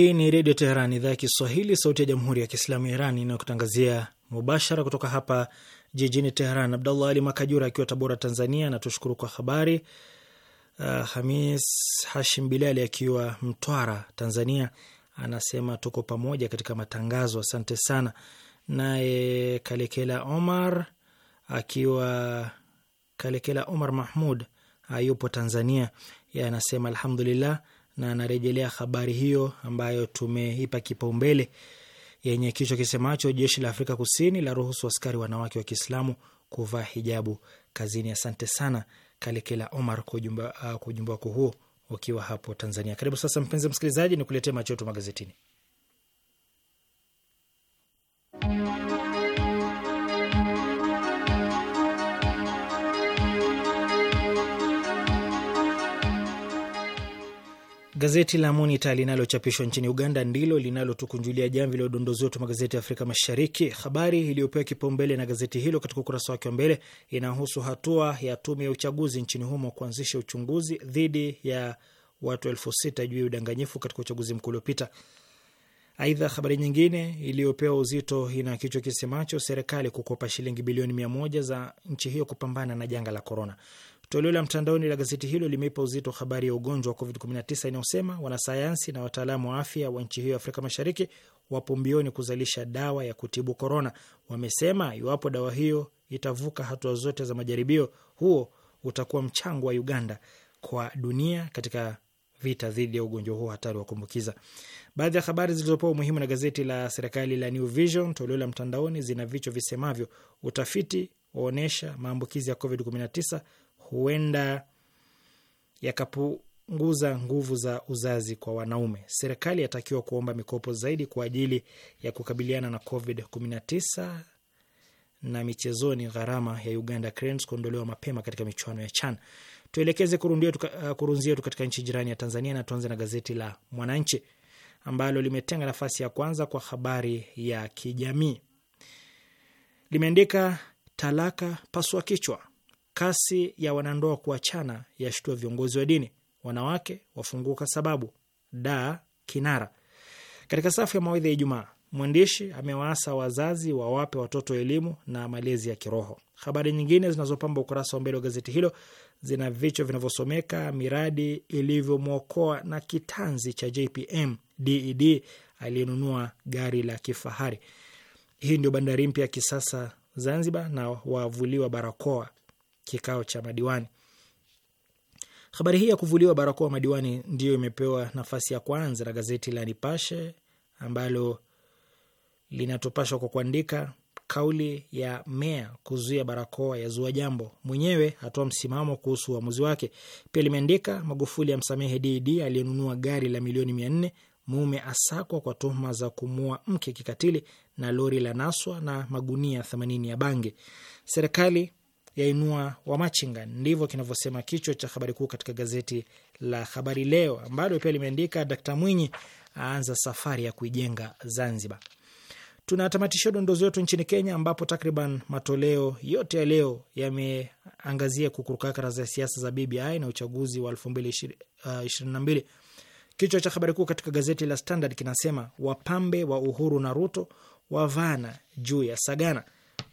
Hii ni Redio Teheran, idhaa ya Kiswahili, sauti ya Jamhuri ya Kiislamu ya Iran inayokutangazia mubashara kutoka hapa jijini Teheran. Abdallah Ali Makajura akiwa Tabora, Tanzania, anatushukuru kwa habari. Uh, Hamis Hashim Bilali akiwa Mtwara, Tanzania, anasema tuko pamoja katika matangazo, asante sana. Naye Kalekela Omar akiwa Kalekela Omar Mahmud ayupo Tanzania, anasema alhamdulillah na anarejelea habari hiyo ambayo tumeipa kipaumbele yenye kichwa kisemacho jeshi la Afrika Kusini la ruhusu askari wanawake wa Kiislamu kuvaa hijabu kazini. Asante sana Kalekela Omar kwa ujumbe uh, wako huo ukiwa hapo Tanzania. Karibu sasa, mpenzi msikilizaji, ni kuletea macho yetu magazetini. Gazeti la Monita linalochapishwa nchini Uganda ndilo linalotukunjulia jamvi la udondozi wetu magazeti ya Afrika Mashariki. Habari iliyopewa kipaumbele na gazeti hilo katika ukurasa wake wa mbele inahusu hatua ya tume ya uchaguzi nchini humo kuanzisha uchunguzi dhidi ya watu elfu sita juu ya udanganyifu katika uchaguzi mkuu uliopita. Aidha, habari nyingine iliyopewa uzito ina kichwa kisemacho serikali kukopa shilingi bilioni mia moja za nchi hiyo kupambana na janga la korona. Toleo la mtandaoni la gazeti hilo limeipa uzito habari ya ugonjwa wa COVID-19 inayosema wanasayansi na wataalamu wa afya wa nchi hiyo ya Afrika Mashariki wapo mbioni kuzalisha dawa ya kutibu korona. Wamesema iwapo dawa hiyo itavuka hatua zote za majaribio, huo utakuwa mchango wa Uganda kwa dunia katika vita dhidi ya ugonjwa huo hatari wa kuambukiza. Baadhi ya habari zilizopewa umuhimu na gazeti la serikali la New Vision toleo la mtandaoni zina vichwa visemavyo: utafiti waonyesha maambukizi ya COVID-19 huenda yakapunguza nguvu za uzazi kwa wanaume. Serikali yatakiwa kuomba mikopo zaidi kwa ajili ya kukabiliana na COVID-19 na michezoni, gharama ya Uganda Cranes kuondolewa mapema katika michuano ya CHAN. Tuelekeze uh, kurunzia tu katika nchi jirani ya Tanzania na tuanze na gazeti la Mwananchi ambalo limetenga nafasi ya kwanza kwa habari ya kijamii. Limeandika talaka pasua kichwa, Kasi ya wanandoa kuachana yashtua viongozi wa dini. Wanawake wafunguka sababu da kinara. Katika safu ya mawaidha ya Ijumaa, mwandishi amewaasa wazazi wawape watoto elimu na malezi ya kiroho. Habari nyingine zinazopamba ukurasa wa mbele wa gazeti hilo zina vichwa vinavyosomeka miradi ilivyomwokoa na kitanzi cha JPM DED aliyenunua gari la kifahari. Hii ndio bandari mpya ya kisasa Zanzibar na wavuliwa barakoa kikao cha madiwani. Habari hii ya kuvuliwa barakoa madiwani ndiyo imepewa nafasi ya kwanza na gazeti la Nipashe ambalo linatopashwa kwa kuandika kauli ya meya kuzuia barakoa ya zua jambo, mwenyewe hatoa msimamo kuhusu uamuzi wa wake. Pia limeandika Magufuli amsamehe DD e aliyenunua gari la milioni mia nne, mume asakwa kwa tuhuma za kumua mke kikatili, na lori la naswa na magunia themanini ya bangi. Serikali yainua wa machinga. Ndivyo kinavyosema kichwa cha habari kuu katika gazeti la Habari Leo, ambalo pia limeandika Dkt Mwinyi aanza safari ya kuijenga Zanzibar. Tunatamatisha dondozi wetu nchini Kenya, ambapo takriban matoleo yote ya leo yameangazia kukurukakara za siasa za BBI na uchaguzi wa 2022. Kichwa cha habari kuu katika gazeti la Standard kinasema wapambe wa Uhuru na Ruto wavana juu ya Sagana.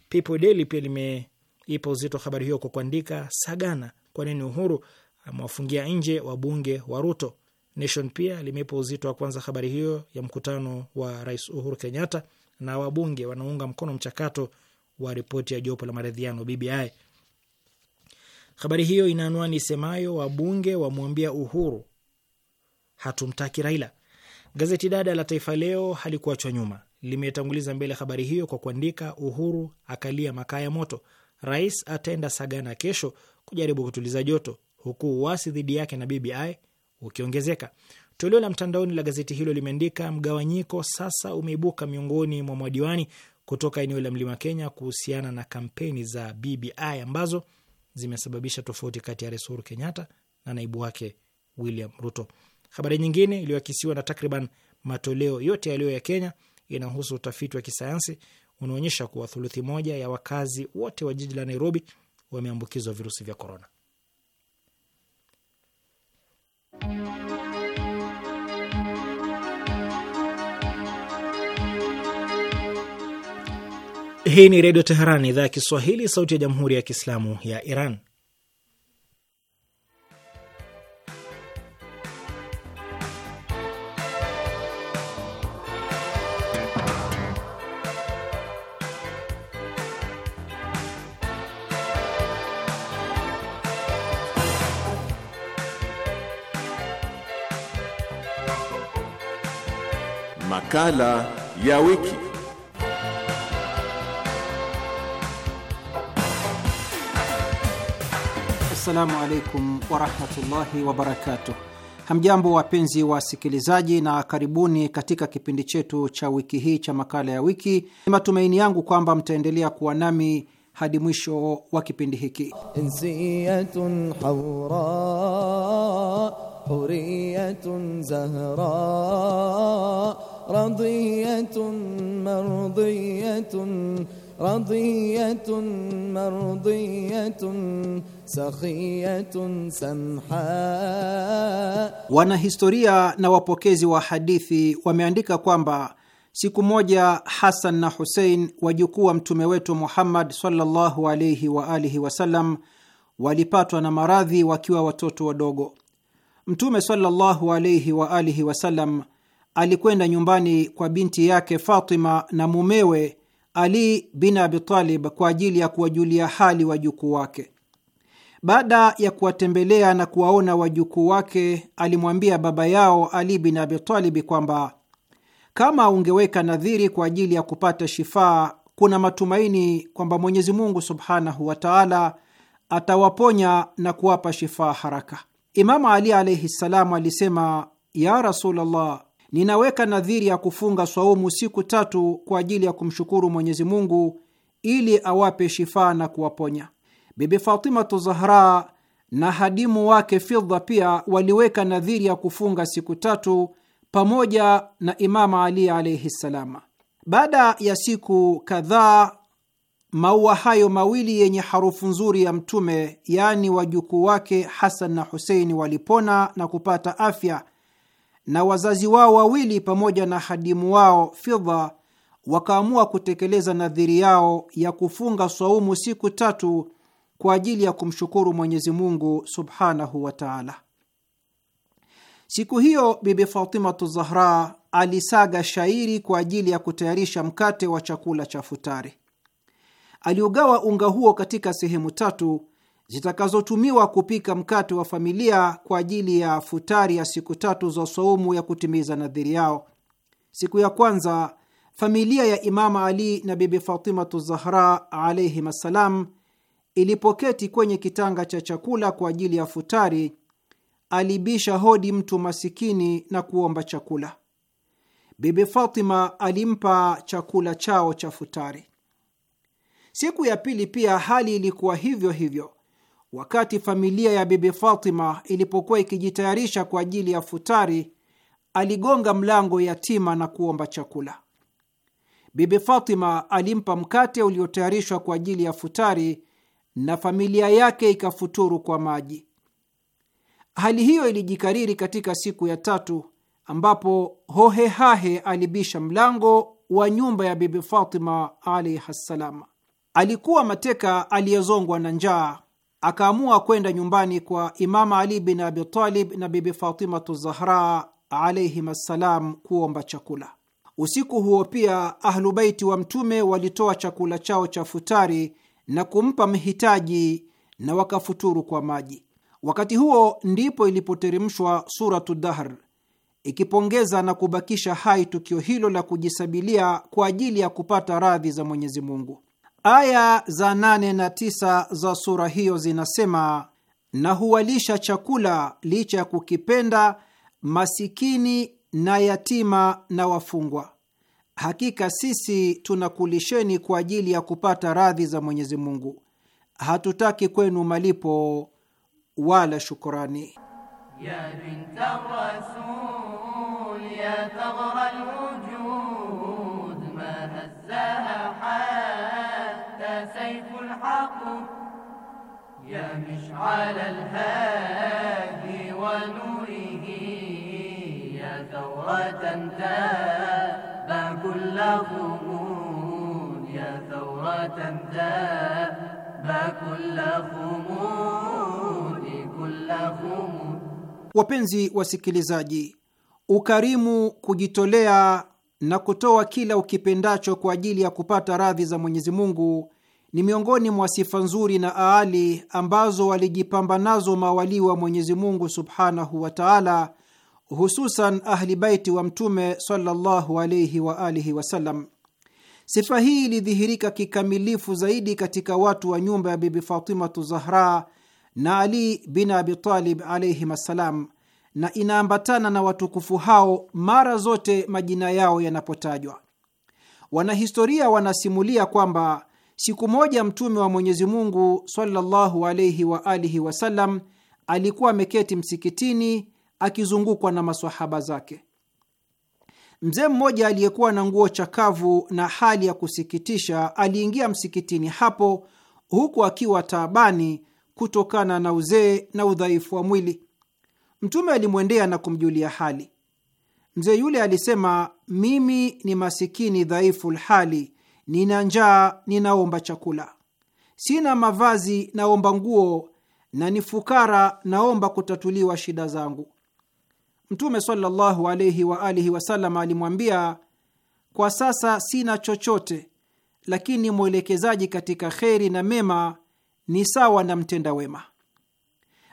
People Daily pia lime ipo uzito habari hiyo kwa kuandika sagana, kwa nini Uhuru amewafungia nje wabunge wa Ruto. Nation pia limeipa uzito wa kwanza habari hiyo ya mkutano wa Rais Uhuru Kenyatta na wabunge wanaunga mkono mchakato wa ripoti ya jopo la maridhiano BBI. Habari hiyo ina anwani isemayo wabunge wamwambia Uhuru hatumtaki Raila. Gazeti dada la Taifa Leo halikuachwa nyuma, limetanguliza mbele habari hiyo kwa kuandika Uhuru akalia makaa ya moto rais ataenda Sagana kesho kujaribu kutuliza joto, huku uasi dhidi yake na BBI ukiongezeka. Toleo la mtandaoni la gazeti hilo limeandika mgawanyiko sasa umeibuka miongoni mwa madiwani kutoka eneo la mlima Kenya kuhusiana na kampeni za BBI ambazo zimesababisha tofauti kati ya Rais Uhuru Kenyatta na naibu wake William Ruto. Habari nyingine iliyoakisiwa na takriban matoleo yote yaliyo ya Kenya inahusu utafiti wa kisayansi unaonyesha kuwa thuluthi moja ya wakazi wote wa jiji la Nairobi wameambukizwa virusi vya korona. Hii ni Redio Teherani, idhaa ya Kiswahili, sauti ya Jamhuri ya Kiislamu ya Iran. makala ya wiki. Assalamu alaikum warahmatullahi wabarakatuh. Hamjambo wapenzi wasikilizaji, na karibuni katika kipindi chetu cha wiki hii cha makala ya wiki. Ni matumaini yangu kwamba mtaendelea kuwa nami hadi mwisho wa kipindi hiki. huriyatun zahra رضية مرضية رضية مرضية سخية سمحاء. Wanahistoria na wapokezi wa hadithi wameandika kwamba siku moja Hasan na Husein wajukuu wa mtume wetu Muhammad sallallahu alaihi wa alihi wasallam walipatwa na maradhi wakiwa watoto wadogo. Mtume sallallahu alaihi wa alihi wasallam alikwenda nyumbani kwa binti yake Fatima na mumewe Ali bin Abi Talib kwa ajili ya kuwajulia hali wajukuu wake. Baada ya kuwatembelea na kuwaona wajukuu wake, alimwambia baba yao Ali bin Abi Talib kwamba kama ungeweka nadhiri kwa ajili ya kupata shifaa, kuna matumaini kwamba Mwenyezi Mungu subhanahu wa taala atawaponya na kuwapa shifaa haraka. Imamu Ali alaihi ssalam alisema, ya Rasulullah, ninaweka nadhiri ya kufunga swaumu siku tatu kwa ajili ya kumshukuru Mwenyezi Mungu ili awape shifaa na kuwaponya. Bibi Fatimatu Zahra na hadimu wake Fidha pia waliweka nadhiri ya kufunga siku tatu pamoja na Imama Ali alaihi ssalama. Baada ya siku kadhaa, maua hayo mawili yenye harufu nzuri ya Mtume, yaani wajukuu wake Hasan na Huseini, walipona na kupata afya na wazazi wao wawili pamoja na hadimu wao Fidha wakaamua kutekeleza nadhiri yao ya kufunga swaumu siku tatu kwa ajili ya kumshukuru Mwenyezi Mungu subhanahu wa taala. Siku hiyo Bibi Fatimatu Zahra alisaga shairi kwa ajili ya kutayarisha mkate wa chakula cha futari. Aliugawa unga huo katika sehemu tatu zitakazotumiwa kupika mkate wa familia kwa ajili ya futari ya siku tatu za saumu ya kutimiza nadhiri yao. Siku ya kwanza familia ya Imama Ali na Bibi Fatimatu Zahra alayhim assalam ilipoketi kwenye kitanga cha chakula kwa ajili ya futari, alibisha hodi mtu masikini na kuomba chakula. Bibi Fatima alimpa chakula chao cha futari. Siku ya pili pia hali ilikuwa hivyo hivyo. Wakati familia ya Bibi Fatima ilipokuwa ikijitayarisha kwa ajili ya futari, aligonga mlango yatima na kuomba chakula. Bibi Fatima alimpa mkate uliotayarishwa kwa ajili ya futari na familia yake ikafuturu kwa maji. Hali hiyo ilijikariri katika siku ya tatu ambapo hohehahe alibisha mlango wa nyumba ya Bibi Fatima alaihi ssalam. Alikuwa mateka aliyezongwa na njaa akaamua kwenda nyumbani kwa Imama Ali bin Abi Talib na Bibi Fatimatu Zahra alaihim assalam kuomba chakula. Usiku huo pia Ahlubaiti wa Mtume walitoa chakula chao cha futari na kumpa mhitaji na wakafuturu kwa maji. Wakati huo ndipo ilipoteremshwa Suratu Dahr ikipongeza na kubakisha hai tukio hilo la kujisabilia kwa ajili ya kupata radhi za Mwenyezi Mungu. Aya za nane na tisa za sura hiyo zinasema, na huwalisha chakula licha ya kukipenda masikini na yatima na wafungwa. Hakika sisi tunakulisheni kwa ajili ya kupata radhi za Mwenyezi Mungu, hatutaki kwenu malipo wala shukurani ya binta rasul ya السيف الحق يا مشعل الهادي ونوره يا ثورة تابى كل خمود يا ثورة تابى كل خمود كل خمود Wapenzi wasikilizaji, ukarimu, kujitolea na kutoa kila ukipendacho kwa ajili ya kupata radhi za Mwenyezi Mungu ni miongoni mwa sifa nzuri na aali ambazo walijipamba nazo mawalii wa Mwenyezi Mungu subhanahu wa taala, hususan Ahli Baiti wa Mtume sallallahu alaihi wa alihi wasallam. Sifa hii ilidhihirika kikamilifu zaidi katika watu wa nyumba ya Bibi Fatimatu Zahra na Ali bin Abitalib alaihim assalam, na inaambatana na watukufu hao mara zote majina yao yanapotajwa. Wanahistoria wanasimulia kwamba Siku moja Mtume wa Mwenyezi Mungu sallallahu wa alihi wasallam alikuwa ameketi msikitini akizungukwa na masahaba zake. Mzee mmoja aliyekuwa na nguo chakavu na hali ya kusikitisha aliingia msikitini hapo huku akiwa taabani kutokana na uzee na udhaifu wa mwili. Mtume alimwendea na kumjulia hali. Mzee yule alisema, mimi ni masikini dhaifu hali Nina njaa, ninaomba chakula. Sina mavazi, naomba nguo, na ni fukara, naomba kutatuliwa shida zangu. Mtume sallallahu alayhi wa alihi wasallam alimwambia, kwa sasa sina chochote, lakini mwelekezaji katika kheri na mema ni sawa na mtenda wema.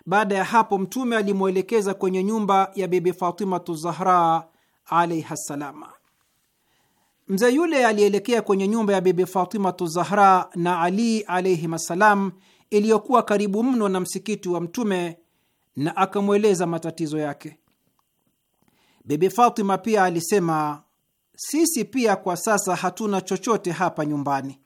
Baada ya hapo, Mtume alimwelekeza kwenye nyumba ya Bibi Fatimatu Zahra alaihi ssalama. Mzee yule alielekea kwenye nyumba ya Bibi Fatimatu Zahra na Ali alayhim assalam, iliyokuwa karibu mno na msikiti wa Mtume, na akamweleza matatizo yake. Bibi Fatima pia alisema, sisi pia kwa sasa hatuna chochote hapa nyumbani.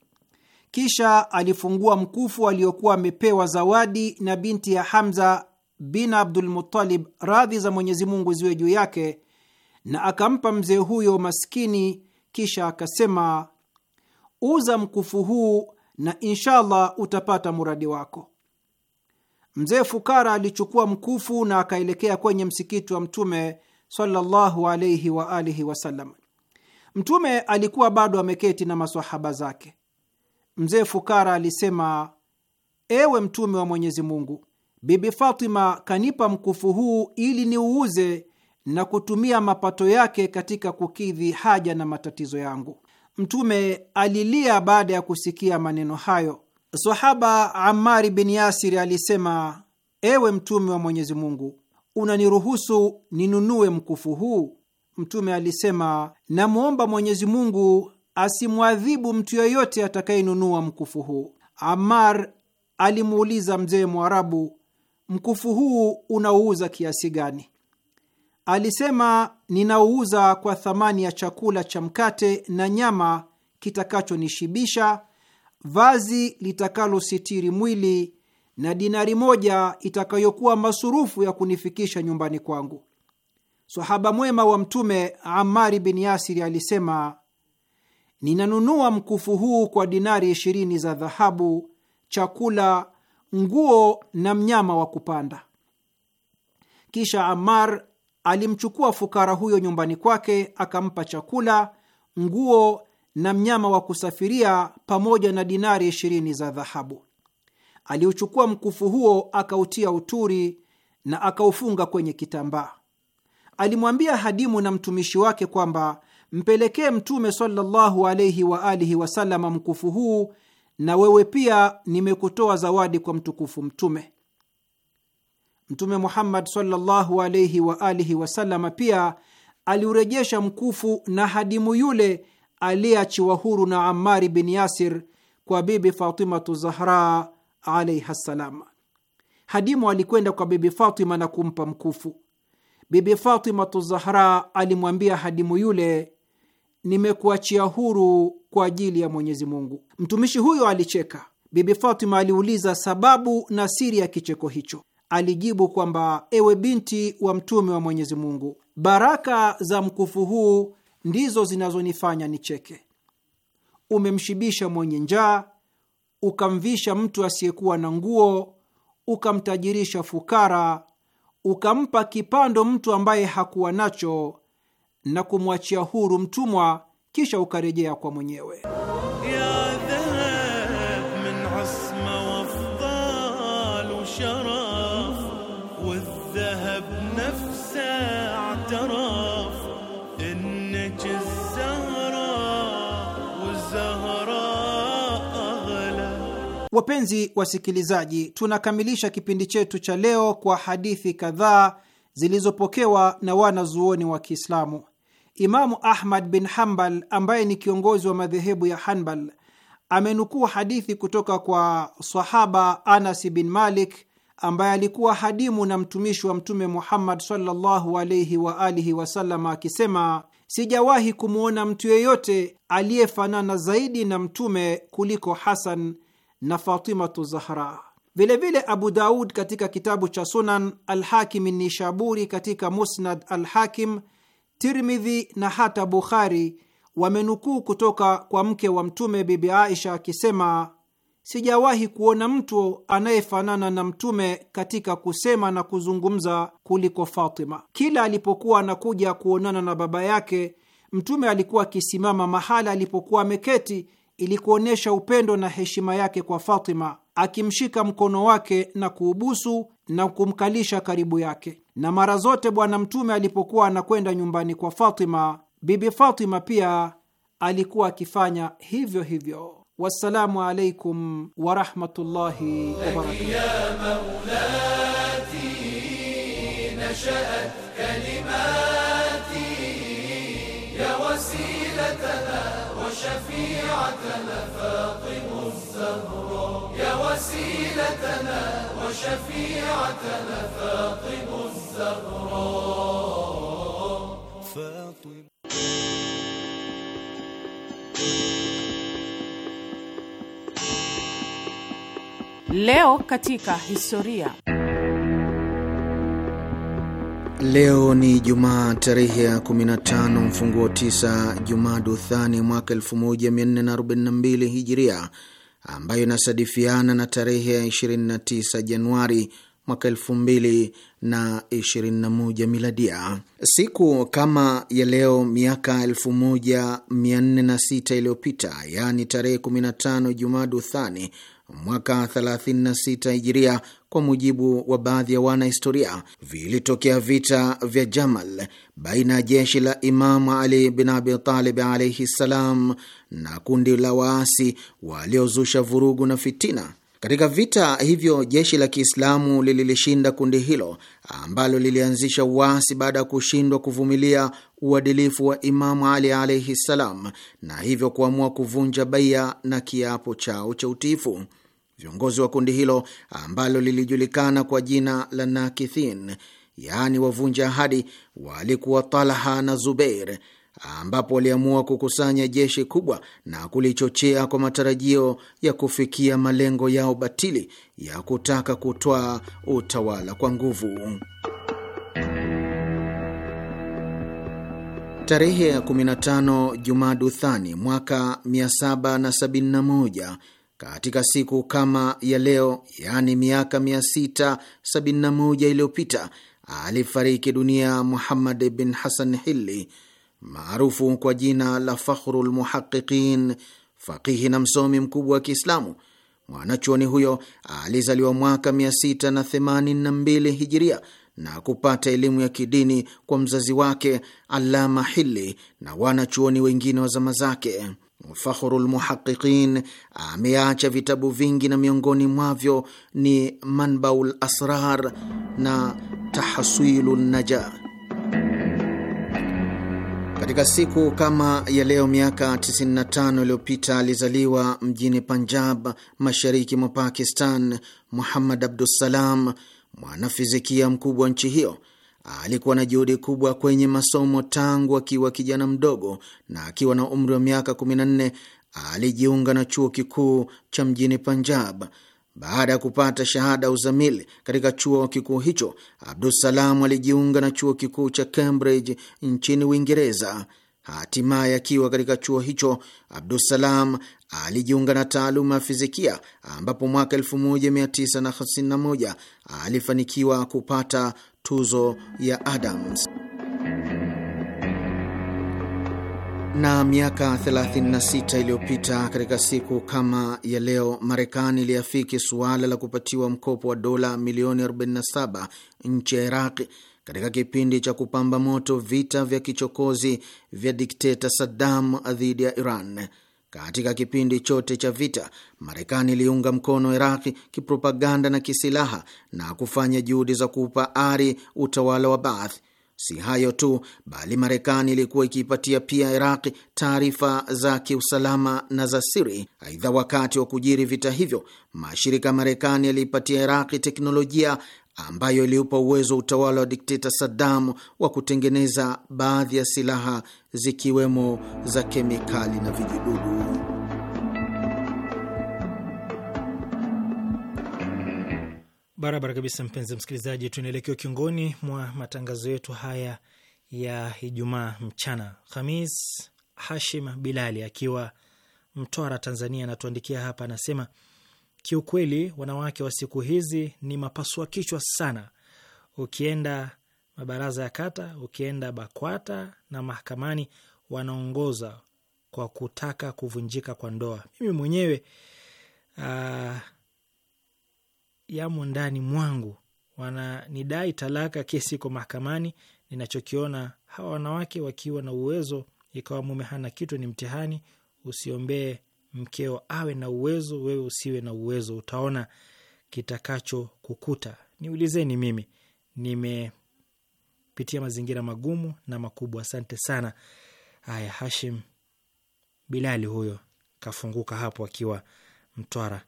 Kisha alifungua mkufu aliyokuwa amepewa zawadi na binti ya Hamza bin Abdulmutalib, radhi za Mwenyezi Mungu ziwe juu yake, na akampa mzee huyo maskini kisha akasema, uza mkufu huu na inshallah utapata muradi wako. Mzee Fukara alichukua mkufu na akaelekea kwenye msikiti wa Mtume sallallahu wa alihi wasallam. Mtume alikuwa bado ameketi na masahaba zake. Mzee Fukara alisema, ewe Mtume wa Mwenyezi Mungu, Bibi Fatima kanipa mkufu huu ili niuuze na kutumia mapato yake katika kukidhi haja na matatizo yangu. Mtume alilia baada ya kusikia maneno hayo. Sahaba Amari bin Yasiri alisema, ewe Mtume wa Mwenyezi Mungu, unaniruhusu ninunue mkufu huu? Mtume alisema, namwomba Mwenyezi Mungu asimwadhibu mtu yoyote atakayenunua mkufu huu. Amar alimuuliza mzee Mwarabu, mkufu huu unauuza kiasi gani? Alisema, ninauuza kwa thamani ya chakula cha mkate na nyama kitakachonishibisha, vazi litakalositiri mwili na dinari moja itakayokuwa masurufu ya kunifikisha nyumbani kwangu. Sahaba mwema wa Mtume Amari bin Yasiri alisema, ninanunua mkufu huu kwa dinari ishirini za dhahabu, chakula, nguo na mnyama wa kupanda. Kisha Amar alimchukua fukara huyo nyumbani kwake, akampa chakula, nguo na mnyama wa kusafiria pamoja na dinari ishirini za dhahabu. Aliuchukua mkufu huo akautia uturi na akaufunga kwenye kitambaa. Alimwambia hadimu na mtumishi wake kwamba mpelekee Mtume sallallahu alaihi wa alihi wasalama mkufu huu, na wewe pia nimekutoa zawadi kwa mtukufu Mtume. Mtume Muhammad sallallahu alaihi wa alihi pia aliurejesha mkufu na hadimu yule aliyeachiwa huru na Amari bin Yasir kwa Bibi Fatimatu Zahra alaiha ssalam. Hadimu alikwenda kwa Bibi Fatima na kumpa mkufu. Bibi Fatimatu Zahra alimwambia hadimu yule, nimekuachia huru kwa ajili ya Mwenyezi Mungu. Mtumishi huyo alicheka. Bibi Fatima aliuliza sababu na siri ya kicheko hicho alijibu kwamba ewe binti wa mtume wa Mwenyezi Mungu, baraka za mkufu huu ndizo zinazonifanya nicheke. Umemshibisha mwenye njaa, ukamvisha mtu asiyekuwa na nguo, ukamtajirisha fukara, ukampa kipando mtu ambaye hakuwa nacho, na kumwachia huru mtumwa, kisha ukarejea kwa mwenyewe. اعترف انك الزهراء والزهراء اغلى. Wapenzi wasikilizaji, tunakamilisha kipindi chetu cha leo kwa hadithi kadhaa zilizopokewa na wanazuoni wa Kiislamu. Imamu Ahmad bin Hanbal ambaye ni kiongozi wa madhehebu ya Hanbal amenukuu hadithi kutoka kwa sahaba Anas bin Malik ambaye alikuwa hadimu na mtumishi wa Mtume Muhammad sallallahu alaihi wa alihi wasallam akisema, sijawahi kumwona mtu yeyote aliyefanana zaidi na mtume kuliko Hasan na Fatimatu Zahra. Vilevile Abu Daud katika kitabu cha Sunan, Alhakim Nishaburi katika Musnad Alhakim, Tirmidhi na hata Bukhari wamenukuu kutoka kwa mke wa Mtume Bibi Aisha akisema Sijawahi kuona mtu anayefanana na Mtume katika kusema na kuzungumza kuliko Fatima. Kila alipokuwa anakuja kuonana na baba yake, Mtume alikuwa akisimama mahala alipokuwa ameketi ili kuonyesha upendo na heshima yake kwa Fatima, akimshika mkono wake na kuubusu na kumkalisha karibu yake. Na mara zote Bwana Mtume alipokuwa anakwenda nyumbani kwa Fatima, Bibi Fatima pia alikuwa akifanya hivyo hivyo. والسلام عليكم ورحمة الله وبركاته يا مولاتي نشأت كلماتي يا وسيلتنا وشفيعتنا فاطم الزهراء يا وسيلتنا وشفيعتنا فاطم Leo katika historia. Leo ni Jumaa tarehe ya 15 mfunguo 9 Jumada Uthani mwaka 1442 Hijiria, ambayo inasadifiana na tarehe ya 29 Januari mwaka elfu miladia. Siku kama ya leo miaka elfu iliyopita, yaani tarehe 15 Jumada duthani mwaka 36 Hijiria, kwa mujibu wa baadhi ya wanahistoria, vilitokea vita vya Jamal baina ya jeshi la Imamu Ali bin Abi Talib alaihi ssalam na kundi la waasi waliozusha vurugu na fitina. Katika vita hivyo jeshi la Kiislamu lililishinda kundi hilo ambalo lilianzisha uasi baada ya kushindwa kuvumilia uadilifu wa Imamu Ali alaihi ssalam, na hivyo kuamua kuvunja baia na kiapo chao cha utiifu. Viongozi wa kundi hilo ambalo lilijulikana kwa jina la Nakithin, yaani wavunja ahadi, walikuwa Talha na Zubeir, ambapo waliamua kukusanya jeshi kubwa na kulichochea kwa matarajio ya kufikia malengo yao batili ya kutaka kutwaa utawala kwa nguvu. Tarehe ya 15 Jumadu Thani mwaka 771 katika siku kama ya leo, yaani miaka 671 iliyopita alifariki dunia Muhammad bin Hasan Hilli maarufu kwa jina la Fakhru lmuhaqiqin, faqihi na msomi mkubwa wa Kiislamu. Mwanachuoni huyo alizaliwa mwaka 682 hijiria na kupata elimu ya kidini kwa mzazi wake Alama Hili na wanachuoni wengine wa zama zake. Fakhru lmuhaqiqin ameacha vitabu vingi na miongoni mwavyo ni Manbaul Asrar na Tahaswilu Naja. Katika siku kama ya leo miaka 95 iliyopita alizaliwa mjini Panjab, mashariki mwa Pakistan, Muhammad Abdussalam, mwanafizikia mkubwa wa nchi hiyo Alikuwa na juhudi kubwa kwenye masomo tangu akiwa kijana mdogo, na akiwa na umri wa miaka 14 alijiunga na chuo kikuu cha mjini Punjab. Baada ya kupata shahada ya uzamili katika chuo kikuu hicho, Abdusalam alijiunga na chuo kikuu cha Cambridge nchini Uingereza. Hatimaye akiwa katika chuo hicho, Abdusalam alijiunga na taaluma ya fizikia ambapo mwaka 1951 alifanikiwa kupata tuzo ya Adams na miaka 36 iliyopita katika siku kama ya leo, Marekani iliafiki suala la kupatiwa mkopo wa dola milioni 47 nchi ya Iraqi katika kipindi cha kupamba moto vita vya kichokozi vya dikteta Saddam dhidi ya Iran. Katika kipindi chote cha vita, Marekani iliunga mkono Iraqi kipropaganda na kisilaha na kufanya juhudi za kuupa ari utawala wa Baath. Si hayo tu, bali Marekani ilikuwa ikiipatia pia Iraqi taarifa za kiusalama na za siri. Aidha, wakati wa kujiri vita hivyo, mashirika ya Marekani yaliipatia Iraqi teknolojia ambayo iliupa uwezo wa utawala wa dikteta Saddam wa kutengeneza baadhi ya silaha zikiwemo za kemikali na vijidudu. Barabara kabisa, mpenzi msikilizaji, tunaelekea ukiongoni mwa matangazo yetu haya ya Ijumaa mchana. Khamis Hashim Bilali akiwa Mtwara, Tanzania, anatuandikia hapa, anasema Kiukweli wanawake wa siku hizi ni mapasua kichwa sana. Ukienda mabaraza ya kata, ukienda BAKWATA na mahakamani, wanaongoza kwa kutaka kuvunjika kwa ndoa. Mimi mwenyewe uh, yamo ndani mwangu wananidai talaka, kesi iko mahakamani. Ninachokiona hawa wanawake wakiwa na uwezo, ikawa mume hana kitu, ni mtihani. Usiombee mkeo awe na uwezo, wewe usiwe na uwezo, utaona kitakacho kukuta. Niulizeni mimi, nimepitia mazingira magumu na makubwa. Asante sana. Haya, Hashim Bilali huyo kafunguka hapo akiwa Mtwara,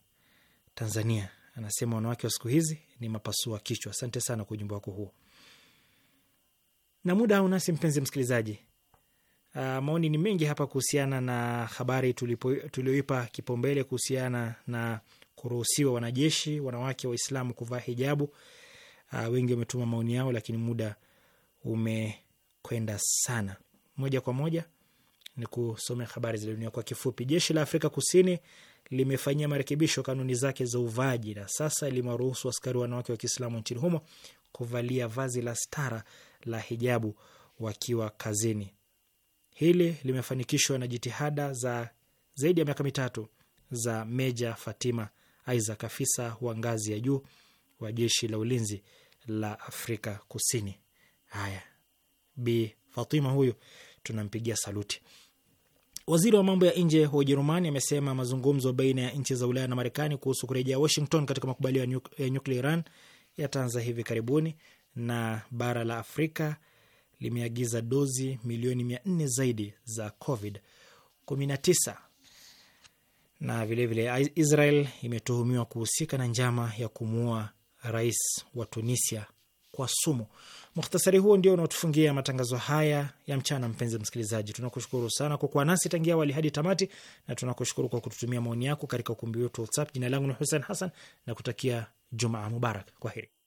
Tanzania, anasema wanawake wa siku hizi ni mapasua kichwa. Asante sana kwa ujumbe wako huo, na muda au nasi, mpenzi msikilizaji Uh, maoni ni mengi hapa kuhusiana na habari tulioipa kipaumbele kuhusiana na kuruhusiwa wanajeshi wanawake Waislamu kuvaa hijabu. Uh, wengi wametuma maoni yao, lakini muda umekwenda sana. Moja kwa moja ni kusomea habari za dunia kwa kifupi. Jeshi la Afrika Kusini limefanyia marekebisho kanuni zake za uvaaji na sasa limewaruhusu askari wanawake wa Kiislamu nchini humo kuvalia vazi la stara la hijabu wakiwa kazini. Hili limefanikishwa na jitihada za zaidi ya miaka mitatu za Meja Fatima Isaac, afisa wa ngazi ya juu wa jeshi la ulinzi la Afrika Kusini. Haya, Bi Fatima huyu tunampigia saluti. Waziri wa mambo ya nje wa Ujerumani amesema mazungumzo baina ya nchi za Ulaya na Marekani kuhusu kurejea Washington katika makubalio ya nyuklia Iran yataanza hivi karibuni na bara la Afrika limeagiza dozi milioni mia nne zaidi za COVID-19 na vilevile vile, Israel imetuhumiwa kuhusika na njama ya kumuua rais wa Tunisia kwa sumu. Mukhtasari huo ndio unaotufungia matangazo haya ya mchana. Mpenzi msikilizaji, tunakushukuru sana kwa kuwa nasi tangia awali hadi tamati, na tunakushukuru kwa kututumia maoni yako katika ukumbi wetu WhatsApp. Jina langu ni Hussein Hassan na kutakia Jumaa Mubarak. Kwa heri.